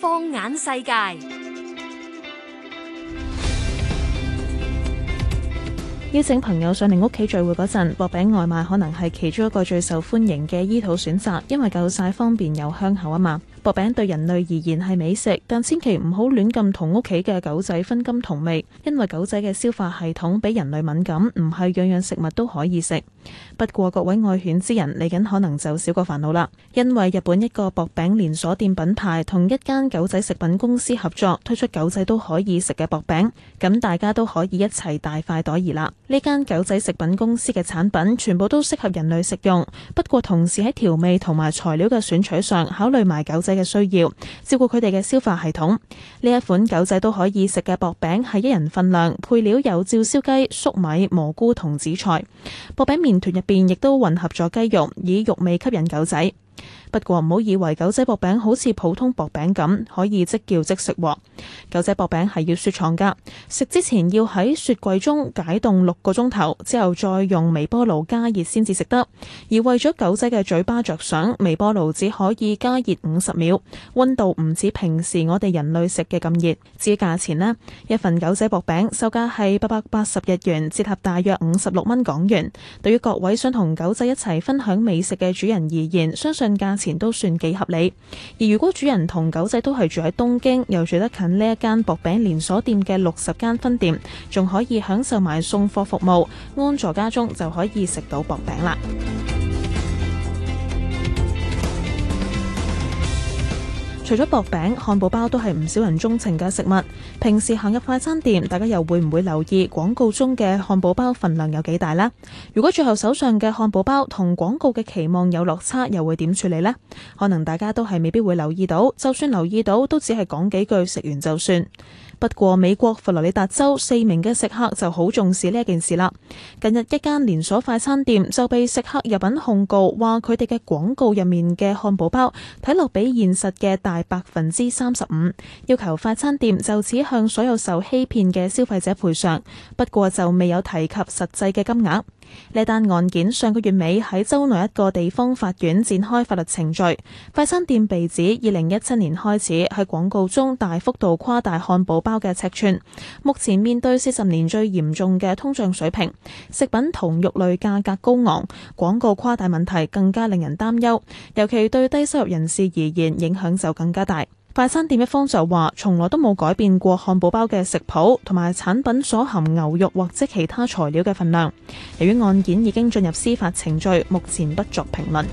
放眼世界，邀請朋友上你屋企聚會嗰陣，薄餅外賣可能係其中一個最受歡迎嘅醫肚選擇，因為夠晒方便又香口啊嘛。薄餅對人類而言係美食，但千祈唔好亂咁同屋企嘅狗仔分甘同味，因為狗仔嘅消化系統比人類敏感，唔係樣樣食物都可以食。不過各位愛犬之人嚟緊可能就少過煩惱啦，因為日本一個薄餅連鎖店品牌同一間狗仔食品公司合作，推出狗仔都可以食嘅薄餅，咁大家都可以一齊大快朵頤啦。呢間狗仔食品公司嘅產品全部都適合人類食用，不過同時喺調味同埋材料嘅選取上，考慮埋狗仔嘅需要，照顧佢哋嘅消化系統。呢一款狗仔都可以食嘅薄餅係一人份量，配料有照燒雞、粟米、蘑菇同紫菜，薄餅面。團入邊亦都混合咗雞肉，以肉味吸引狗仔。不過唔好以為狗仔薄餅好似普通薄餅咁，可以即叫即食啊。狗仔薄餅係要雪藏噶，食之前要喺雪櫃中解凍六個鐘頭，之後再用微波爐加熱先至食得。而為咗狗仔嘅嘴巴着想，微波爐只可以加熱五十秒，溫度唔似平時我哋人類食嘅咁熱。至於價錢咧，一份狗仔薄餅售價係八百八十日元，折合大約五十六蚊港元。對於各位想同狗仔一齊分享美食嘅主人而言，相信。價錢都算幾合理，而如果主人同狗仔都係住喺東京，又住得近呢一間薄餅連鎖店嘅六十間分店，仲可以享受埋送貨服務，安坐家中就可以食到薄餅啦。除咗薄餅，漢堡包都係唔少人鍾情嘅食物。平時行入快餐店，大家又會唔會留意廣告中嘅漢堡包份量有幾大呢？如果最後手上嘅漢堡包同廣告嘅期望有落差，又會點處理呢？可能大家都係未必會留意到，就算留意到，都只係講幾句，食完就算。不過美國佛羅里達州四名嘅食客就好重視呢一件事啦。近日一間連鎖快餐店就被食客入稟控告，話佢哋嘅廣告入面嘅漢堡包睇落比現實嘅大。百分之三十五，要求快餐店就此向所有受欺騙嘅消費者賠償，不過就未有提及實際嘅金額。呢單案件上個月尾喺州內一個地方法院展開法律程序。快餐店被指二零一七年開始喺廣告中大幅度誇大漢堡包嘅尺寸。目前面對四十年最嚴重嘅通脹水平，食品同肉類價格高昂，廣告誇大問題更加令人擔憂，尤其對低收入人士而言，影響就更加大。快餐店一方就話：從來都冇改變過漢堡包嘅食譜同埋產品所含牛肉或者其他材料嘅份量。由於案件已經進入司法程序，目前不作評論。